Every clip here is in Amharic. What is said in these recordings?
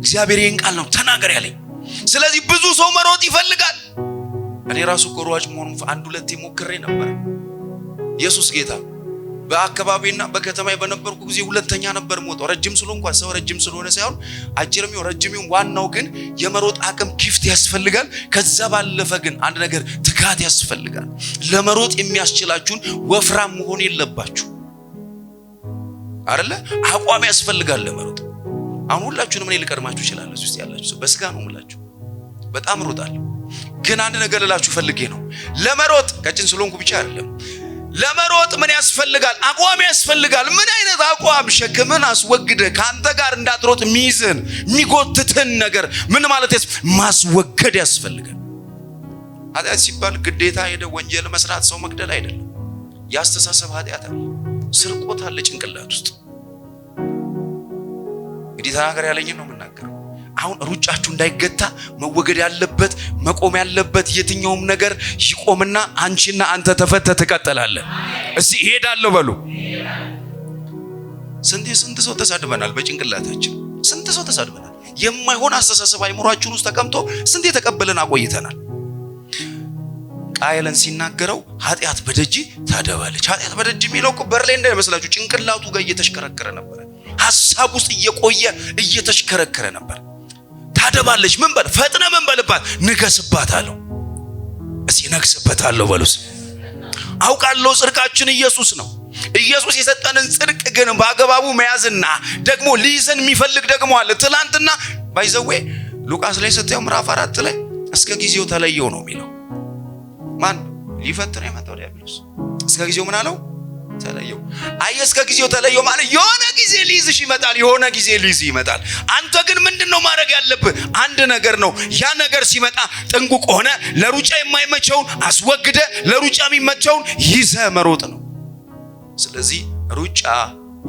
እግዚአብሔር ይህን ቃል ነው ተናገር ያለኝ። ስለዚህ ብዙ ሰው መሮጥ ይፈልጋል። እኔ ራሱ እኮ ሯጭ መሆኑን አንድ ሁለት ሞክሬ ነበር። ኢየሱስ ጌታ። በአካባቢና በከተማ በነበርኩ ጊዜ ሁለተኛ ነበር ሞጠው። ረጅም ስሎ እንኳ ሰው ረጅም ስለሆነ ሳይሆን አጭርም ይሁን ረጅም ዋናው ግን የመሮጥ አቅም ጊፍት ያስፈልጋል። ከዛ ባለፈ ግን አንድ ነገር ትጋት ያስፈልጋል። ለመሮጥ የሚያስችላችሁን ወፍራም መሆን የለባችሁ አይደለ? አቋም ያስፈልጋል ለመሮጥ አሁን ሁላችሁንም እኔ ልቀድማችሁ ይችላል እዚህ ውስጥ ያላችሁ ሰው በስጋ ነው ሙላችሁ በጣም ሮጣል ግን አንድ ነገር ልላችሁ ፈልጌ ነው። ለመሮጥ ቀጭን ስለሆንኩ ብቻ አይደለም። ለመሮጥ ምን ያስፈልጋል? አቋም ያስፈልጋል። ምን አይነት አቋም? ሸክምን አስወግደ ከአንተ ጋር እንዳትሮጥ የሚይዝህን የሚጎትትን ነገር ምን ማለት ያስ ማስወገድ ያስፈልጋል። ኃጢአት ሲባል ግዴታ ሄደ ወንጀል መስራት ሰው መግደል አይደለም። የአስተሳሰብ ኃጢአት አለ፣ ስርቆት አለ ጭንቅላት ውስጥ እንግዲህ ተናገር ያለኝ ነው የምናገረው። አሁን ሩጫችሁ እንዳይገታ መወገድ ያለበት መቆም ያለበት የትኛውም ነገር ይቆምና አንቺና አንተ ተፈተ ትቀጥላለህ። እስቲ ይሄዳለሁ በሉ። ስንት ስንት ሰው ተሳድበናል፣ በጭንቅላታችን ስንት ሰው ተሳድበናል። የማይሆን አስተሳሰብ አይምሯችን ውስጥ ተቀምጦ ስንት የተቀበለን አቆይተናል። ቃየለን ሲናገረው ኃጢአት በደጅ ታደባለች። ኃጢአት በደጅ የሚለው በር ላይ እንዳይመስላችሁ ጭንቅላቱ ጋር እየተሽከረከረ ነበረ። ሀሳብ ውስጥ እየቆየ እየተሽከረከረ ነበር። ታደባለች። ምን በል ፈጥነ ምን በልባት ንገስባት አለው። እስኪ ነግስበታለሁ በሉስ። አውቃለሁ ጽድቃችን ኢየሱስ ነው። ኢየሱስ የሰጠንን ጽድቅ ግን በአግባቡ መያዝና ደግሞ ሊይዘን የሚፈልግ ደግሞ አለ። ትላንትና ባይዘዌ ሉቃስ ላይ ስታየው ምዕራፍ አራት ላይ እስከ ጊዜው ተለየው ነው የሚለው። ማን ሊፈትነው የመጣው ዲያብሎስ። እስከ ጊዜው ምን አለው? ተለየው። አየስ ከጊዜው ተለየው ማለት የሆነ ጊዜ ሊይዝሽ ይመጣል፣ የሆነ ጊዜ ሊይዝ ይመጣል። አንተ ግን ምንድን ነው ማድረግ ያለብህ? አንድ ነገር ነው። ያ ነገር ሲመጣ ጥንቁቅ ሆነ ለሩጫ የማይመቸውን አስወግደ ለሩጫ የሚመቸውን ይዘ መሮጥ ነው። ስለዚህ ሩጫ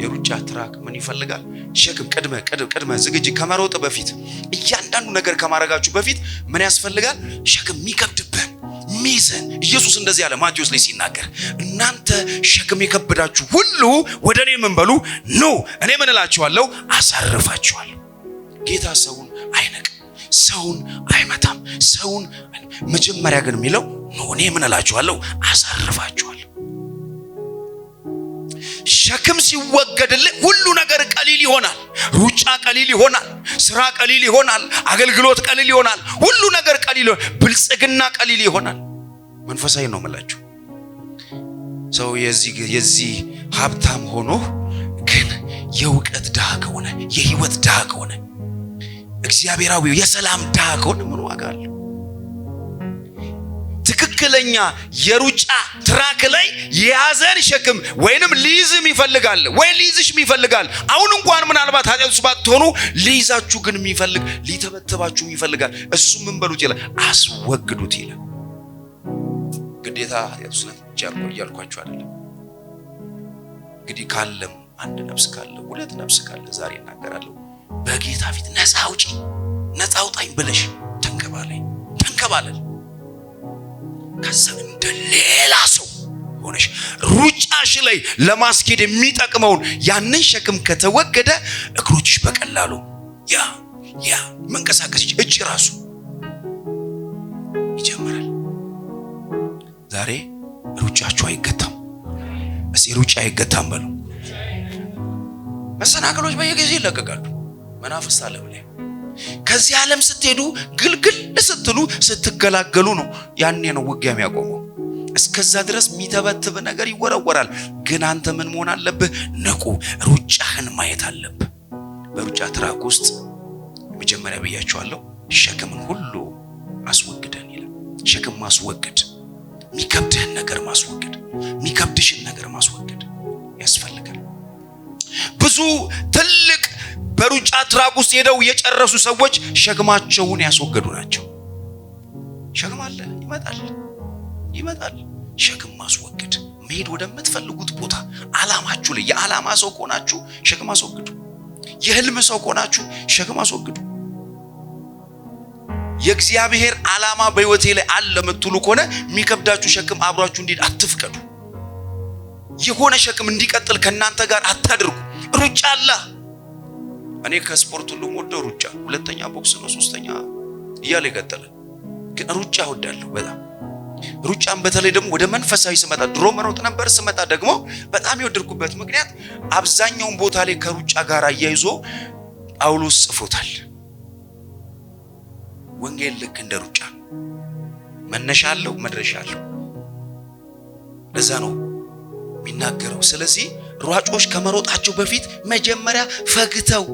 የሩጫ ትራክ ምን ይፈልጋል? ሸክም፣ ቅድመ ቅድመ ዝግጅት ከመሮጥ በፊት እያንዳንዱ ነገር ከማድረጋችሁ በፊት ምን ያስፈልጋል? ሸክም የሚከብድ ሚዘን ኢየሱስ እንደዚህ አለ ማቴዎስ ላይ ሲናገር እናንተ ሸክም የከበዳችሁ ሁሉ ወደ እኔ ምን በሉ ኑ እኔ ምን እላችኋለሁ አሳርፋችኋለሁ። ጌታ ሰውን አይነቅም፣ ሰውን አይመታም። ሰውን መጀመሪያ ግን የሚለው ኑ እኔ ምን እላችኋለሁ አሳርፋችኋለሁ። ሸክም ሲወገድልህ ሁሉ ነገር ቀሊል ይሆናል። ሩጫ ቀሊል ይሆናል። ስራ ቀሊል ይሆናል። አገልግሎት ቀሊል ይሆናል። ሁሉ ነገር ቀሊል ብልጽግና ቀሊል ይሆናል። መንፈሳዊ ነው የምላችሁ። ሰው የዚህ ሀብታም ሆኖ ግን የእውቀት ድሃ ከሆነ የህይወት ድሃ ከሆነ እግዚአብሔራዊ የሰላም ድሃ ከሆነ ምን ዋጋ አለው? ትክክለኛ የሩጫ ትራክ ላይ የያዘን ሸክም ወይንም ሊይዝም ይፈልጋል ወይ ሊይዝሽም ይፈልጋል። አሁን እንኳን ምናልባት ኃጢአት ውስጥ ባትሆኑ ሊይዛችሁ ግን የሚፈልግ ሊተበተባችሁም ይፈልጋል። እሱ ምን በሉት ይላል፣ አስወግዱት ይላል። ግዴታ ኃጢአት ውስጥ ብቻ ነው እያልኳችሁ አይደለም። እንግዲህ ካለም አንድ ነፍስ ካለ ሁለት ነፍስ ካለ ዛሬ እናገራለሁ። በጌታ ፊት ነፃ አውጪ ነፃ አውጣኝ ብለሽ ተንከባለኝ ተንከባለል። ከዛ እንደ ሌላ ሰው ሆነሽ ሩጫሽ ላይ ለማስኬድ የሚጠቅመውን ያንን ሸክም ከተወገደ እግሮችሽ በቀላሉ ያ ያ መንቀሳቀስች እጅ ራሱ ዛሬ ሩጫችሁ አይገታም። እስኪ ሩጫ አይገታም በሉ። መሰናክሎች በየጊዜ ይለቀቃሉ። መናፍስት ዓለም ላይ ከዚህ ዓለም ስትሄዱ ግልግል ስትሉ ስትገላገሉ ነው። ያኔ ነው ውጊያ የሚያቆመው። እስከዛ ድረስ የሚተበትብ ነገር ይወረወራል። ግን አንተ ምን መሆን አለብህ? ንቁ። ሩጫህን ማየት አለብህ። በሩጫ ትራክ ውስጥ መጀመሪያ ብያቸዋለሁ፣ ሸክምን ሁሉ አስወግደን ይላል። ሸክም ማስወግድ የሚከብድህን ነገር ማስወገድ፣ የሚከብድሽን ነገር ማስወገድ ያስፈልጋል። ብዙ ትልቅ በሩጫ ትራክ ውስጥ ሄደው የጨረሱ ሰዎች ሸክማቸውን ያስወገዱ ናቸው። ሸክም አለ፣ ይመጣል፣ ይመጣል። ሸክም ማስወገድ መሄድ ወደምትፈልጉት ቦታ አላማችሁ ላይ የዓላማ ሰው ከሆናችሁ ሸክም አስወግዱ። የህልም ሰው ከሆናችሁ ሸክም አስወግዱ። የእግዚአብሔር ዓላማ በሕይወቴ ላይ አለ የምትሉ ከሆነ የሚከብዳችሁ ሸክም አብሯችሁ እንዲሄድ አትፍቀዱ። የሆነ ሸክም እንዲቀጥል ከእናንተ ጋር አታድርጉ። ሩጫ አለ። እኔ ከስፖርት ሁሉም ወደው ሩጫ ሁለተኛ ቦክስ ነው፣ ሶስተኛ እያለ ይቀጥላል። ግን ሩጫ እወዳለሁ በጣም ሩጫን በተለይ ደግሞ ወደ መንፈሳዊ ስመጣ ድሮ መሮጥ ነበር። ስመጣ ደግሞ በጣም የወደድኩበት ምክንያት አብዛኛውን ቦታ ላይ ከሩጫ ጋር አያይዞ ጳውሎስ ጽፎታል። ወንጌል ልክ እንደ ሩጫ መነሻ አለው፣ መድረሻ አለው። ለዛ ነው የሚናገረው። ስለዚህ ሯጮች ከመሮጣቸው በፊት መጀመሪያ ፈግተው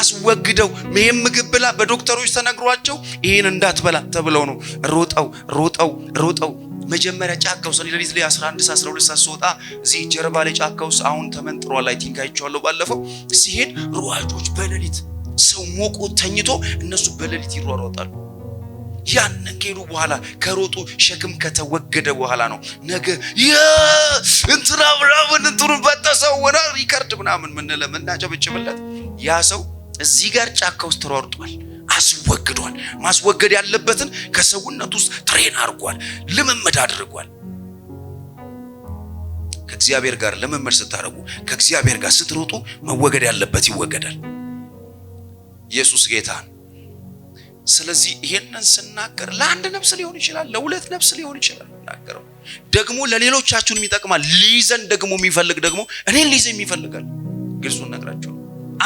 አስወግደው ይህም ምግብ ብላ በዶክተሮች ተነግሯቸው ይህን እንዳትበላ ተብለው ነው ሮጠው ሮጠው ሮጠው መጀመሪያ ጫካ ውስጥ ሌሊት ላይ 11 12 ሰዓት ስወጣ እዚህ ጀርባ ላይ ጫካ ውስጥ አሁን ተመንጥሯል። አይ ቲንክ አይቼዋለሁ ባለፈው ሲሄድ ሯጮች በሌሊት ሰው ሞቆ ተኝቶ እነሱ በሌሊት ይሯሯጣሉ። ያንን ከሄዱ በኋላ ከሮጡ ሸክም ከተወገደ በኋላ ነው ነገ እንትና ምናምን እንትኑ በተሰወና ሪከርድ ምናምን ምንለ ምናጨበጭብለት ያ ሰው እዚህ ጋር ጫካ ውስጥ ተሯርጧል። አስወግዷል። ማስወገድ ያለበትን ከሰውነት ውስጥ ትሬን አድርጓል፣ ልምምድ አድርጓል። ከእግዚአብሔር ጋር ልምምድ ስታደርጉ፣ ከእግዚአብሔር ጋር ስትሮጡ መወገድ ያለበት ይወገዳል። ኢየሱስ ጌታን ስለዚህ ይሄንን ስናገር ለአንድ ነፍስ ሊሆን ይችላል፣ ለሁለት ነፍስ ሊሆን ይችላል። እናገረው ደግሞ ለሌሎቻችሁንም ይጠቅማል። ሊይዘን ደግሞ የሚፈልግ ደግሞ እኔን ሊይዘኝ የሚፈልጋል። ግልጹን ነግራችሁ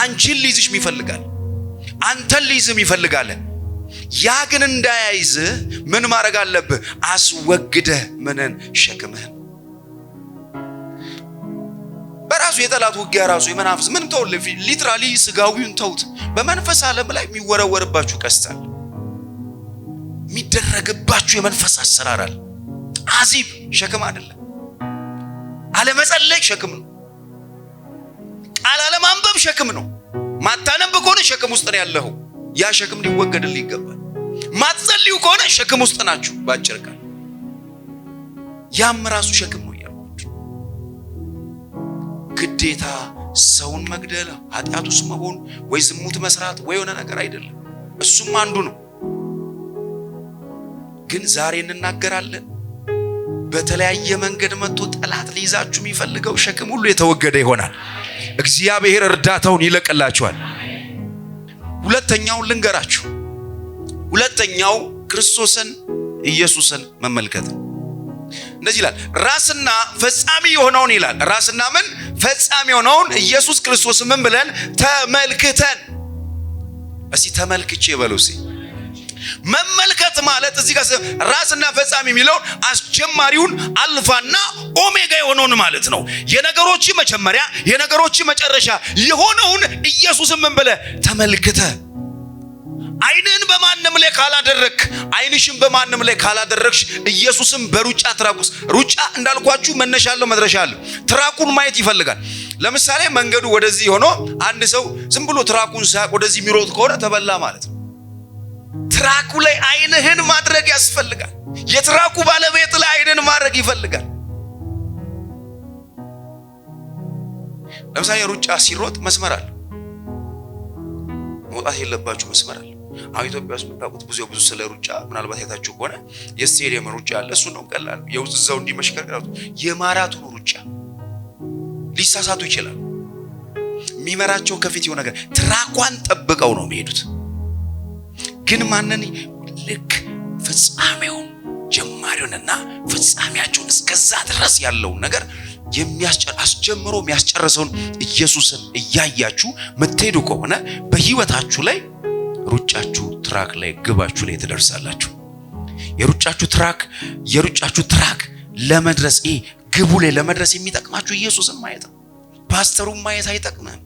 አንቺን ሊይዝሽ የሚፈልጋል፣ አንተን ሊይዝም ይፈልጋል። ያ ግን እንዳያይዝ ምን ማድረግ አለብህ? አስወግደህ ምንን ሸክምህን ራሱ የጠላት ውጊያ ራሱ የመናፍስ ምን ተው፣ ሊትራሊ ስጋዊውን ተውት። በመንፈስ ዓለም ላይ የሚወረወርባችሁ ቀስታል የሚደረግባችሁ የመንፈስ አሰራራል። አዚብ ሸክም አይደለም። አለመጸለይ ሸክም ነው። ቃል አለማንበብ ሸክም ነው። ማታነብ ከሆነ ሸክም ውስጥ ነው ያለው ያ ሸክም ሊወገድል ይገባል። ማትጸልዩ ከሆነ ሸክም ውስጥ ናችሁ። ባጭር ቃል ያም ራሱ ሸክም ነው። ግዴታ ሰውን መግደል ኃጢአት ውስጥ መሆን ወይ ዝሙት መስራት ወይ የሆነ ነገር አይደለም። እሱም አንዱ ነው። ግን ዛሬ እንናገራለን። በተለያየ መንገድ መጥቶ ጠላት ሊይዛችሁ የሚፈልገው ሸክም ሁሉ የተወገደ ይሆናል። እግዚአብሔር እርዳታውን ይለቅላችኋል። ሁለተኛውን ልንገራችሁ። ሁለተኛው ክርስቶስን ኢየሱስን መመልከት ነው። እንደዚህ ይላል፣ ራስና ፈጻሚ የሆነውን ይላል። ራስና ምን ፈጻሚ የሆነውን ኢየሱስ ክርስቶስ ምን ብለን ተመልክተን፣ እስቲ ተመልክቼ በሉ እስቲ መመልከት ማለት እዚህ ጋር ራስና ፈጻሚ የሚለውን አስጀማሪውን አልፋና ኦሜጋ የሆነውን ማለት ነው። የነገሮች መጀመሪያ የነገሮች መጨረሻ የሆነውን ኢየሱስ ምን ብለህ ተመልክተ አይንህን በማንም ላይ ካላደረግክ፣ አይንሽን በማንም ላይ ካላደረግሽ ኢየሱስን በሩጫ ትራቁስ። ሩጫ እንዳልኳችሁ መነሻ አለው መድረሻ አለው። ትራቁን ማየት ይፈልጋል። ለምሳሌ መንገዱ ወደዚህ ሆኖ አንድ ሰው ዝም ብሎ ትራኩን ሳያውቅ ወደዚህ የሚሮጥ ከሆነ ተበላ ማለት ነው። ትራኩ ላይ አይንህን ማድረግ ያስፈልጋል። የትራኩ ባለቤት ላይ አይንን ማድረግ ይፈልጋል። ለምሳሌ ሩጫ ሲሮጥ መስመር አለ፣ መውጣት የለባችሁ መስመር አለ። አሁን ኢትዮጵያ ውስጥ የምታውቁት ብዙ ብዙ ስለ ሩጫ ምናልባት የታችሁ ከሆነ የስቴዲየም ሩጫ አለ። እሱ ነው ቀላል የውዝዛው እንዲመሽከርከራቱ የማራቶን ሩጫ ሊሳሳቱ ይችላል። የሚመራቸው ከፊት የሆነ ነገር ትራኳን ጠብቀው ነው የሚሄዱት። ግን ማንን ልክ ፍጻሜውን ጀማሪውንና ፍጻሜያቸውን እስከዛ ድረስ ያለውን ነገር አስጀምሮ የሚያስጨርሰውን ኢየሱስን እያያችሁ የምትሄዱ ከሆነ በህይወታችሁ ላይ ሩጫችሁ ትራክ ላይ ግባችሁ ላይ ትደርሳላችሁ። የሩጫችሁ ትራክ የሩጫችሁ ትራክ ለመድረስ ይሄ ግቡ ላይ ለመድረስ የሚጠቅማችሁ ኢየሱስን ማየት ነው። ፓስተሩን ማየት አይጠቅምም።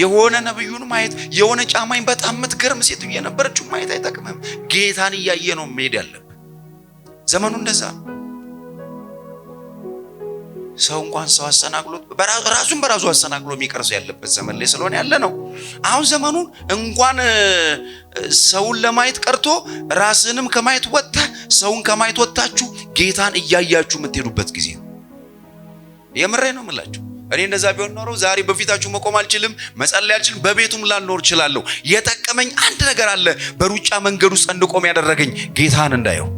የሆነ ነብዩን ማየት የሆነ ጫማኝ በጣም የምትገርም ሴት የነበረችው ማየት አይጠቅምም። ጌታን እያየ ነው መሄድ ያለብን። ዘመኑ እንደዛ ሰው እንኳን ሰው አሰናክሎት ራሱን በራሱ አሰናክሎ የሚቀርሰው ያለበት ዘመን ላይ ስለሆነ ያለ ነው። አሁን ዘመኑን እንኳን ሰውን ለማየት ቀርቶ ራስንም ከማየት ወጥተ ሰውን ከማየት ወጥታችሁ ጌታን እያያችሁ የምትሄዱበት ጊዜ ነው። የምሬ ነው የምላችሁ። እኔ እንደዛ ቢሆን ኖሮ ዛሬ በፊታችሁ መቆም አልችልም፣ መጸለይ አልችልም፣ በቤቱም ላልኖር እችላለሁ። የጠቀመኝ አንድ ነገር አለ። በሩጫ መንገድ ውስጥ እንድቆም ያደረገኝ ጌታን እንዳየው።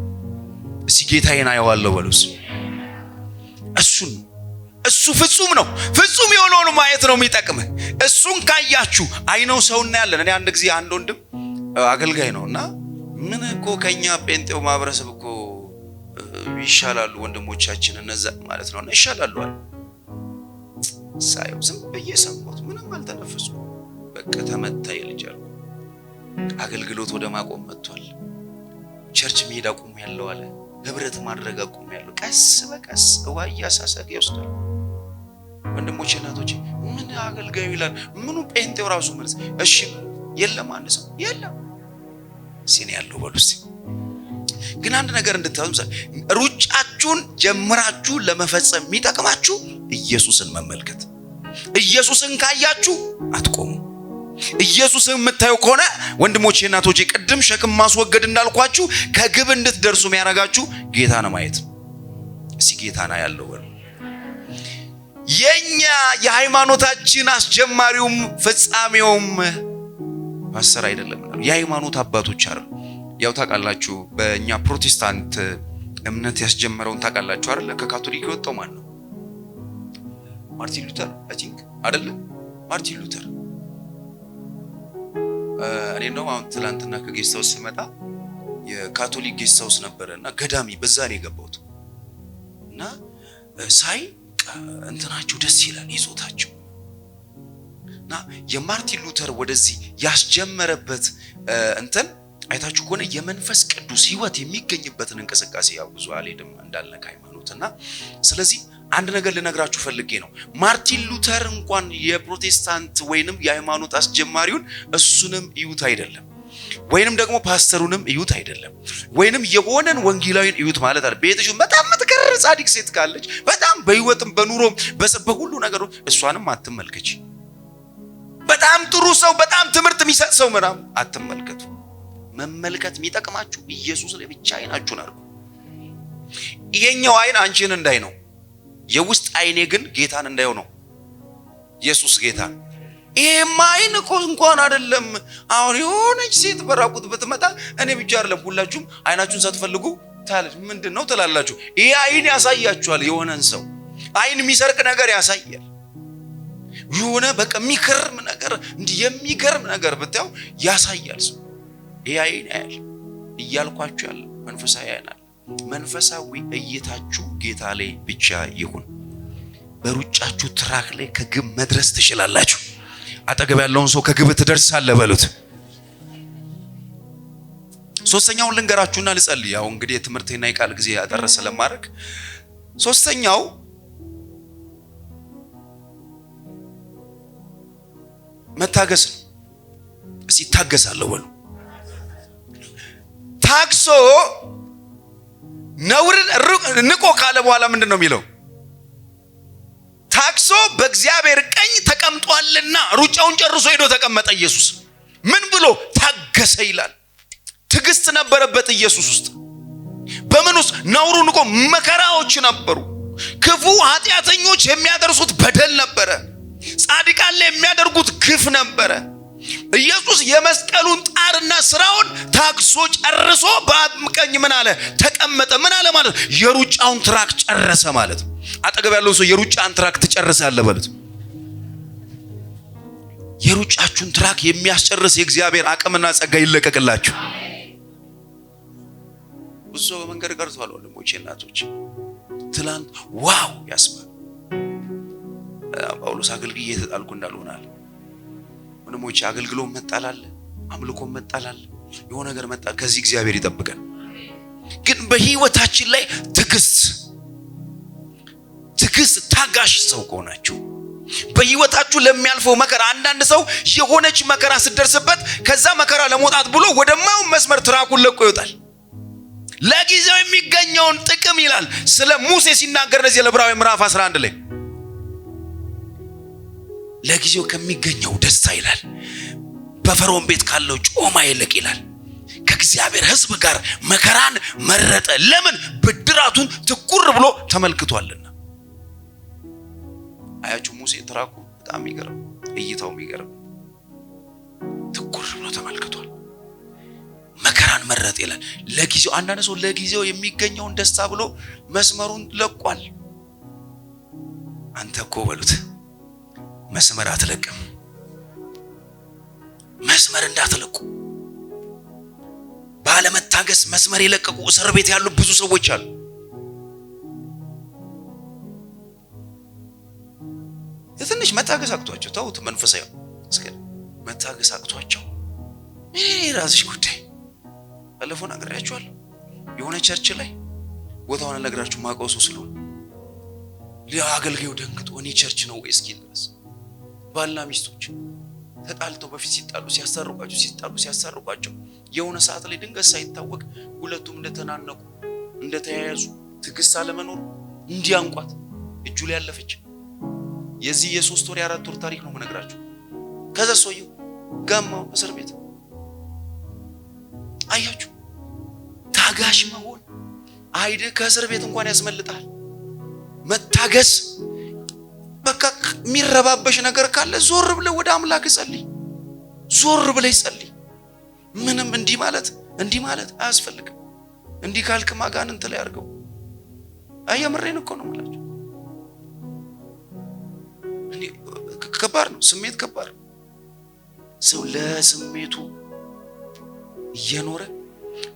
እስቲ ጌታዬን አየዋለሁ በሉስ እሱን እሱ ፍጹም ነው። ፍጹም የሆነውን ማየት ነው የሚጠቅም። እሱን ካያችሁ አይነው ሰው እናያለን። እኔ አንድ ጊዜ አንድ ወንድም አገልጋይ ነው እና ምን እኮ ከኛ ጴንጤው ማህበረሰብ እኮ ይሻላሉ ወንድሞቻችን እነዛ ማለት ነው ይሻላሉ አለ። ሳየው ዝም ብዬ ሰማሁት፣ ምንም አልተነፈሱ። በቃ ተመታ ይልጃሉ። አገልግሎት ወደ ማቆም መጥቷል። ቸርች መሄድ አቁም ያለው አለ ህብረት ማድረግ አቁም ያለው ቀስ በቀስ እዋ እያሳሰገ ይወስዳል። ወንድሞች እናቶች፣ ምን አገልጋዩ ይላል? ምኑ ጴንጤው ራሱ መልስ እሺ፣ የለም አንድ ሰው የለም ሲኔ ያለው በሉ ግን አንድ ነገር እንድታዙ ሩጫችሁን ጀምራችሁ ለመፈጸም የሚጠቅማችሁ ኢየሱስን መመልከት። ኢየሱስን ካያችሁ አትቆሙ። ኢየሱስን የምታየው ከሆነ ወንድሞቼ እናቶቼ፣ ቅድም ሸክም ማስወገድ እንዳልኳችሁ ከግብ እንድትደርሱ የሚያደርጋችሁ ጌታ ነው ማየት። እስኪ ጌታ ና ያለው የኛ የሃይማኖታችን አስጀማሪውም ፍጻሜውም ማሰር አይደለም። የሃይማኖት አባቶች አ ያው ታውቃላችሁ፣ በእኛ ፕሮቴስታንት እምነት ያስጀመረውን ታውቃላችሁ አይደለ? ከካቶሊክ የወጣው ማን ነው? ማርቲን ሉተር አይ ቲንክ አይደለ? ማርቲን ሉተር እኔ እንደውም አሁን ትላንትና ከጌስት ሀውስ ስመጣ የካቶሊክ ጌስት ሀውስ ነበረ እና ገዳሚ በዛ ነው የገባሁት እና ሳይ እንትናቸው ደስ ይላል ይዞታቸው እና የማርቲን ሉተር ወደዚህ ያስጀመረበት እንትን አይታችሁ ከሆነ የመንፈስ ቅዱስ ህይወት የሚገኝበትን እንቅስቃሴ ያው ብዙ አልሄድም እንዳልነካ ሃይማኖት እና ስለዚህ አንድ ነገር ልነግራችሁ ፈልጌ ነው። ማርቲን ሉተር እንኳን የፕሮቴስታንት ወይንም የሃይማኖት አስጀማሪውን እሱንም እዩት አይደለም ወይንም ደግሞ ፓስተሩንም እዩት አይደለም ወይንም የሆነን ወንጌላዊን እዩት ማለት አለ። ቤትሽ በጣም የምትገርም ጻድቅ ሴት ካለች በጣም በህይወትም በኑሮም በሁሉ ነገር እሷንም አትመልከች። በጣም ጥሩ ሰው፣ በጣም ትምህርት የሚሰጥ ሰው ምናም አትመልከቱ። መመልከት የሚጠቅማችሁ ኢየሱስ ላይ ብቻ አይናችሁን አድርጉ። ይሄኛው አይን አንቺን እንዳይ ነው። የውስጥ አይኔ ግን ጌታን እንዳየው ነው። ኢየሱስ ጌታ። ይሄማ አይን እኮ እንኳን አይደለም። አሁን የሆነች ሴት በራቁት ብትመጣ እኔ ብቻ አይደለም ሁላችሁም አይናችሁን ሳትፈልጉ ታለች። ምንድን ነው ትላላችሁ? ይሄ አይን ያሳያችኋል። የሆነን ሰው አይን የሚሰርቅ ነገር ያሳያል። የሆነ በቃ የሚገርም ነገር እንዲህ የሚገርም ነገር ብታየው ያሳያል። ሰው ይሄ አይን ያያል። እያልኳችሁ ያለ መንፈሳዊ አይናል መንፈሳዊ እይታችሁ ጌታ ላይ ብቻ ይሁን። በሩጫችሁ ትራክ ላይ ከግብ መድረስ ትችላላችሁ። አጠገብ ያለውን ሰው ከግብ ትደርሳለህ በሉት። ሶስተኛውን ልንገራችሁና ልጸልይ። ያው እንግዲህ የትምህርቴና የቃል ጊዜ ያጠረ ስለማድረግ ሶስተኛው መታገስ ነው። እስኪ ታገሳለሁ በሉ ታግሶ ነውርን ንቆ ካለ በኋላ ምንድን ነው የሚለው? ታክሶ በእግዚአብሔር ቀኝ ተቀምጧልና ሩጫውን ጨርሶ ሄዶ ተቀመጠ። ኢየሱስ ምን ብሎ ታገሰ ይላል። ትዕግስት ነበረበት ኢየሱስ ውስጥ በምን ውስጥ ነውሩ ንቆ መከራዎች ነበሩ። ክፉ ኃጢአተኞች የሚያደርሱት በደል ነበረ። ጻድቃን ላይ የሚያደርጉት ግፍ ነበረ። ኢየሱስ የመስቀሉን ጣርና ስራውን ታክሶ ጨርሶ በአብ ቀኝ ምን አለ ተቀመጠ። ምን አለ ማለት የሩጫውን ትራክ ጨረሰ ማለት። አጠገብ ያለው ሰው የሩጫን ትራክ ትጨርሳለህ በሉት። የሩጫችሁን ትራክ የሚያስጨርስ የእግዚአብሔር አቅምና ጸጋ ይለቀቅላችሁ። ብዙ ሰው በመንገድ ቀርቷል። ወንድሞቼ እናቶች፣ ትላንት ዋው ያስባል። ጳውሎስ አገልግዬ የተጣልኩ እንዳልሆናል። ወንድሞቼ አገልግሎ መጣላለ፣ አምልኮ መጣላለ የሆነ ነገር መጣ። ከዚህ እግዚአብሔር ይጠብቀን። ግን በህይወታችን ላይ ትዕግስት ትዕግስት ታጋሽ ሰው ከሆናችሁ በህይወታችሁ ለሚያልፈው መከራ አንዳንድ ሰው የሆነች መከራ ስደርስበት ከዛ መከራ ለመውጣት ብሎ ወደማውን መስመር ትራኩን ለቆ ይወጣል። ለጊዜው የሚገኘውን ጥቅም ይላል ስለ ሙሴ ሲናገር እነዚህ ለዕብራውያን ምዕራፍ 11 ላይ ለጊዜው ከሚገኘው ደስታ ይላል በፈርዖን ቤት ካለው ጮማ ይልቅ ይላል። ከእግዚአብሔር ሕዝብ ጋር መከራን መረጠ። ለምን? ብድራቱን ትኩር ብሎ ተመልክቷልና። አያችሁ ሙሴ ትራኩ በጣም ይገርም፣ እይታው ይገርም። ትኩር ብሎ ተመልክቷል። መከራን መረጥ ይላል። ለጊዜው አንዳንድ ሰው ለጊዜው የሚገኘውን ደስታ ብሎ መስመሩን ለቋል። አንተ እኮ በሉት መስመር አትለቅም። መስመር እንዳትለቁ። ባለመታገስ መስመር የለቀቁ እስር ቤት ያሉ ብዙ ሰዎች አሉ። ትንሽ መታገስ አቅቷቸው ተውት፣ መንፈሳዊ እስከ መታገስ አቅቷቸው የራስሽ ጉዳይ። ባለፈው ነግሬያችኋለሁ የሆነ ቸርች ላይ ቦታውን እነግራችሁ ማቆሱ ስለሆነ አገልጋዩ ደንግጦ እኔ ቸርች ነው ወይ እስኪል ድረስ ባልና ሚስቶች ተጣልተው በፊት ሲጣሉ ሲያስታርቋቸው ሲጣሉ ሲያስታርቋቸው የሆነ ሰዓት ላይ ድንገት ሳይታወቅ ሁለቱም እንደተናነቁ እንደተያያዙ ትግስት አለመኖር እንዲያንቋት እጁ ላይ ያለፈች የዚህ የሶስት ወር የአራት ወር ታሪክ ነው የምነግራቸው። ከዛ ሰውየው ጋማው እስር ቤት አያችሁ። ታጋሽ መሆን አይደ ከእስር ቤት እንኳን ያስመልጣል መታገስ በቃ የሚረባበሽ ነገር ካለ ዞር ብለህ ወደ አምላክ ጸልይ። ዞር ብለህ ጸልይ። ምንም እንዲህ ማለት እንዲህ ማለት አያስፈልግም። እንዲህ ካልክ ማጋንንት ላይ አድርገው። አየምሬን እኮ ነው የምላቸው። ከባድ ነው፣ ስሜት ከባድ ሰው ለስሜቱ እየኖረ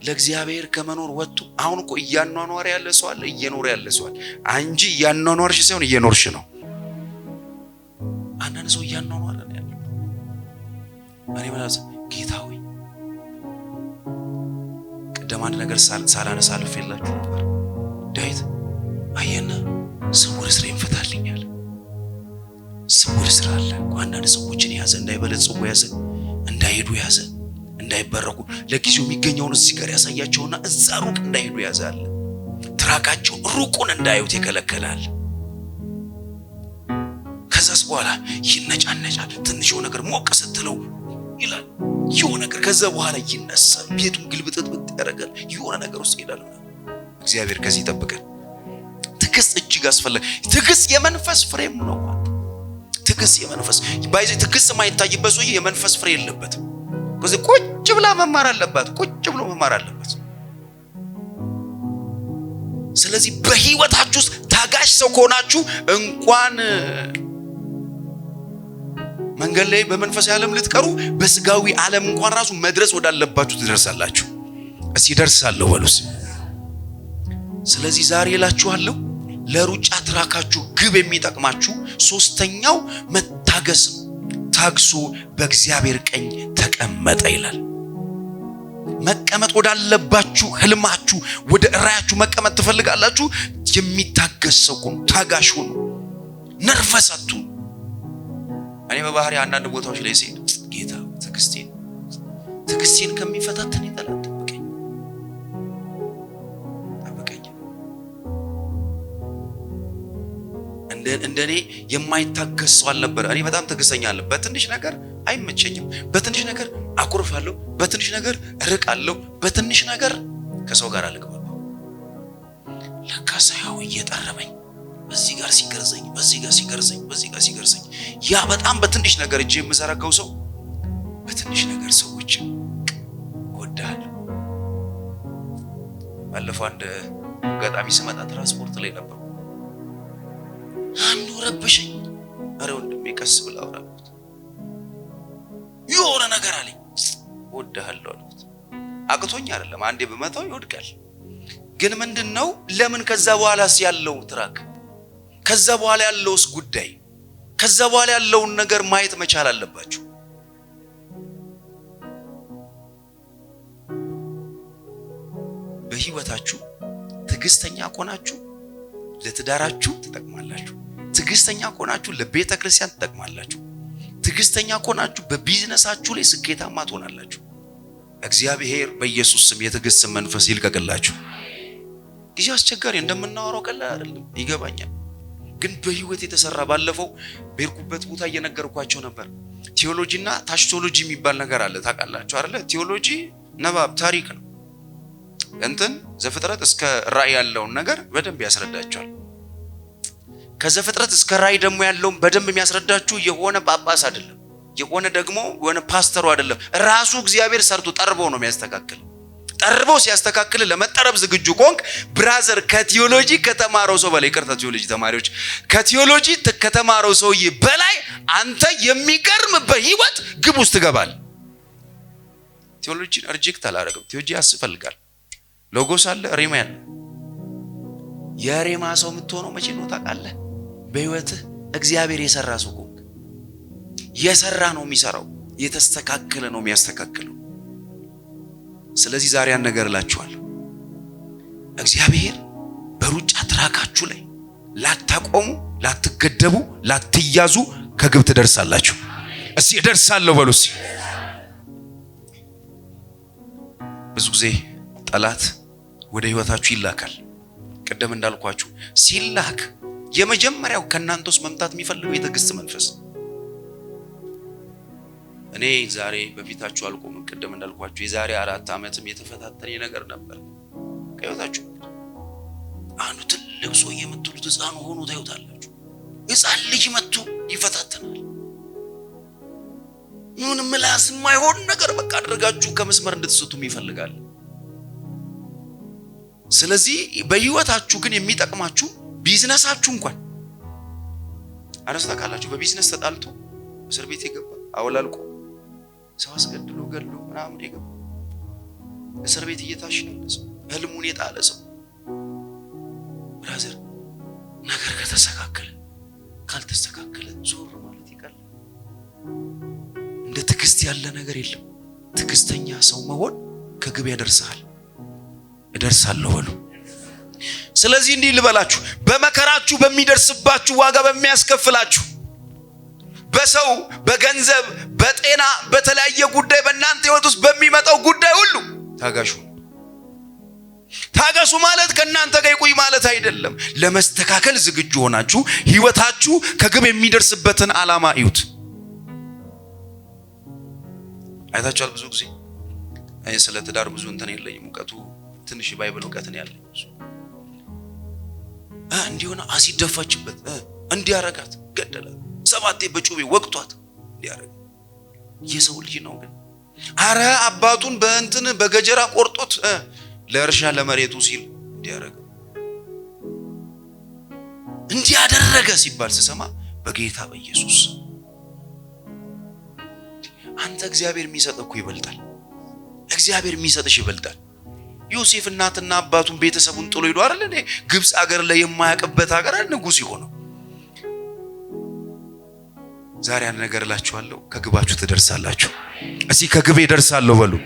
ለእግዚአብሔር ከመኖር ወጥቶ አሁን እኮ እያኗኗር ያለ ሰው አለ፣ እየኖረ ያለ ሰው አለ። አንቺ እያኗኗርሽ ሳይሆን እየኖርሽ ነው። ያንን ሰው እያኗኗለን ያለ እኔ በላስ ጌታ ሆይ ቅድም አንድ ነገር ሳላነሳ የላችሁ ነበር። ዳዊት አየና ስውር ስራ ይንፈታልኛል። ስውር ስራ አለ። አንዳንድ ሰዎችን የያዘ እንዳይበለጽጉ ያዘ፣ እንዳይሄዱ ያዘ፣ እንዳይበረኩ ለጊዜው የሚገኘውን እዚህ ጋር ያሳያቸውና እዛ ሩቅ እንዳይሄዱ ያዘ አለ። ትራቃቸው ሩቁን እንዳዩት የከለከላል። ከዛስ በኋላ ይነጫነጫል። ትንሽ ነገር ሞቅ ስትለው ይላል የሆነ ነገር ከዛ በኋላ ይነሳል። ቤቱን ግልብጥብጥ ያደርጋል። የሆነ ነገር ውስጥ ይላል። እግዚአብሔር ከዚህ ይጠብቀን። ትዕግስት እጅግ አስፈላጊ። ትዕግስት የመንፈስ ፍሬም ነው። ትዕግስት የመንፈስ ባይዘ ትዕግስት የማይታይበት ሰውዬ የመንፈስ ፍሬ የለበትም። ከዚህ ቁጭ ብላ መማር አለባት። ቁጭ ብሎ መማር አለበት። ስለዚህ በህይወታችሁ ውስጥ ታጋሽ ሰው ከሆናችሁ እንኳን መንገድ ላይ በመንፈሳዊ ዓለም ልትቀሩ በስጋዊ ዓለም እንኳን ራሱ መድረስ ወዳለባችሁ ትደርሳላችሁ። እስ ደርሳለሁ በሉስ። ስለዚህ ዛሬ እላችኋለሁ ለሩጫ ትራካችሁ ግብ የሚጠቅማችሁ ሶስተኛው መታገስ ታግሶ ታግሱ በእግዚአብሔር ቀኝ ተቀመጠ ይላል። መቀመጥ ወዳለባችሁ ህልማችሁ፣ ወደ ራያችሁ መቀመጥ ትፈልጋላችሁ? የሚታገስ ሰው ሁኑ፣ ታጋሽ ሁኑ፣ ነርቨስ አትሁኑ። እኔ በባህሪ አንዳንድ ቦታዎች ላይ ሲሄድ ጌታ ትዕግስቴን ትዕግስቴን ከሚፈታተን ይጠላል ጠብቀኝ ጠብቀኝ። እንደ እኔ የማይታገስ ሰው አልነበረ። እኔ በጣም ትዕግስተኛ በትንሽ ነገር አይመቸኝም፣ በትንሽ ነገር አኩርፋለሁ፣ በትንሽ ነገር ርቃለሁ በትንሽ ነገር ከሰው ጋር አልግባባም። ለካ ሳያው እየጠረበኝ በዚህ ጋር ሲገርዘኝ፣ በዚህ ጋር ሲገርዘኝ፣ በዚህ ጋር ሲገርዘኝ፣ ያ በጣም በትንሽ ነገር እጅ የምዘረጋው ሰው በትንሽ ነገር ሰዎች ወዳል። ባለፈው አንድ አጋጣሚ ስመጣ ትራንስፖርት ላይ ነበር። አንዱ ረበሸኝ። አረ ወንድሜ ቀስ ብለህ አውራ የሆነ ነገር አለኝ። ወድሃለሁ አልኩት። አቅቶኝ አይደለም፣ አንዴ ብመታው ይወድቃል። ግን ምንድን ነው ለምን ከዛ በኋላስ ያለው ትራክ ከዛ በኋላ ያለውስ ጉዳይ ከዛ በኋላ ያለውን ነገር ማየት መቻል አለባችሁ። በህይወታችሁ ትዕግስተኛ ከሆናችሁ ለትዳራችሁ ትጠቅማላችሁ። ትዕግስተኛ ከሆናችሁ ለቤተ ክርስቲያን ትጠቅማላችሁ። ትዕግስተኛ ከሆናችሁ በቢዝነሳችሁ ላይ ስኬታማ ትሆናላችሁ። እግዚአብሔር በኢየሱስ ስም የትዕግስት መንፈስ ይልቀቅላችሁ። ጊዜው አስቸጋሪ፣ እንደምናወራው ቀላል አይደለም፣ ይገባኛል። ግን በህይወት የተሰራ ባለፈው በርኩበት ቦታ እየነገርኳቸው ነበር። ቴዎሎጂ እና ታሽቶሎጂ የሚባል ነገር አለ ታውቃላችሁ አለ። ቴዎሎጂ ነባብ ታሪክ ነው። እንትን ዘፍጥረት እስከ ራእይ ያለውን ነገር በደንብ ያስረዳቸዋል። ከዘፍጥረት እስከ ራእይ ደግሞ ያለውን በደንብ የሚያስረዳችሁ የሆነ ጳጳስ አይደለም፣ የሆነ ደግሞ የሆነ ፓስተሩ አይደለም። ራሱ እግዚአብሔር ሰርቶ ጠርቦ ነው የሚያስተካክል ጠርቦ ሲያስተካክል ለመጠረብ ዝግጁ ከሆንክ ብራዘር፣ ከቲዮሎጂ ከተማረው ሰው በላይ ቅርታ፣ ቲዮሎጂ ተማሪዎች፣ ከቲዮሎጂ ከተማረው ሰውዬ በላይ አንተ የሚገርም በህይወት ግብ ውስጥ ትገባል። ቲዮሎጂን ሪጀክት አላደረግም። ቲዮሎጂ ያስፈልጋል። ሎጎስ አለ፣ ሬማ ያለ የሬማ ሰው የምትሆነው መቼ ነው ታውቃለህ? በህይወትህ እግዚአብሔር የሰራ ሰው የሰራ ነው የሚሰራው፣ የተስተካከለ ነው የሚያስተካክለው። ስለዚህ ዛሬ ያን ነገር እላችኋለሁ፣ እግዚአብሔር በሩጫ ትራካችሁ ላይ ላታቆሙ፣ ላትገደቡ፣ ላትያዙ ከግብ ትደርሳላችሁ። እስቲ እደርሳለሁ በሉ። እስቲ ብዙ ጊዜ ጠላት ወደ ህይወታችሁ ይላካል። ቅደም እንዳልኳችሁ ሲላክ የመጀመሪያው ከእናንተ ውስጥ መምጣት የሚፈልገው የትዕግስት መንፈስ እኔ ዛሬ በፊታችሁ አልቆም። ቅድም እንዳልኳችሁ የዛሬ አራት ዓመትም የተፈታተነ ነገር ነበር። ከህይወታችሁ አንዱ ትልቅ ሰው የምትሉት ህፃን ሆኖ ታዩታላችሁ። ህፃን ልጅ መጥቶ ይፈታተናል። ምን ምላስ የማይሆን ነገር በቃ አድርጋችሁ ከመስመር እንድትስቱም ይፈልጋል። ስለዚህ በህይወታችሁ ግን የሚጠቅማችሁ ቢዝነሳችሁ እንኳን አነስታ ካላችሁ በቢዝነስ ተጣልቶ እስር ቤት የገባ ሰው አስገድሎ ገሎ ምናምን የገባ እስር ቤት እየታሽ ያለ ሰው፣ ህልሙን የጣለ ሰው ብራዘር፣ ነገር ከተስተካከለ ካልተስተካከለ ዞር ማለት ይቀላል። እንደ ትዕግስት ያለ ነገር የለም። ትዕግስተኛ ሰው መሆን ከግብ ያደርስሃል። እደርሳለሁ በሉ። ስለዚህ እንዲህ ልበላችሁ፣ በመከራችሁ በሚደርስባችሁ ዋጋ በሚያስከፍላችሁ በሰው በገንዘብ በጤና በተለያየ ጉዳይ በእናንተ ህይወት ውስጥ በሚመጣው ጉዳይ ሁሉ ታገሹ። ታገሱ ማለት ከእናንተ ጋር ይቁይ ማለት አይደለም። ለመስተካከል ዝግጁ ሆናችሁ ህይወታችሁ ከግብ የሚደርስበትን ዓላማ እዩት። አይታችኋል። ብዙ ጊዜ እኔ ስለ ትዳር ብዙ እንትን የለኝም፣ እውቀቱ ትንሽ ባይብል እውቀት ነው ያለኝ። እንዲሆነ አሲደፋችበት እንዲያረጋት ገደላት፣ ሰባቴ በጩቤ ወቅቷት እንዲያረጋት የሰው ልጅ ነው ግን አረ አባቱን በእንትን በገጀራ ቆርጦት ለእርሻ ለመሬቱ ሲል እንዲያደረገ እንዲያደረገ ሲባል ስሰማ በጌታ በኢየሱስ አንተ እግዚአብሔር የሚሰጥ እኮ ይበልጣል። እግዚአብሔር የሚሰጥሽ ይበልጣል። ዮሴፍ እናትና አባቱን ቤተሰቡን ጥሎ ሄዶ አይደል ግብፅ አገር ላይ የማያውቅበት ሀገር ንጉሥ የሆነው ዛሬ አንድ ነገር እላችኋለሁ፣ ከግባችሁ ትደርሳላችሁ። እስኪ ከግቤ ደርሳለሁ በሉ።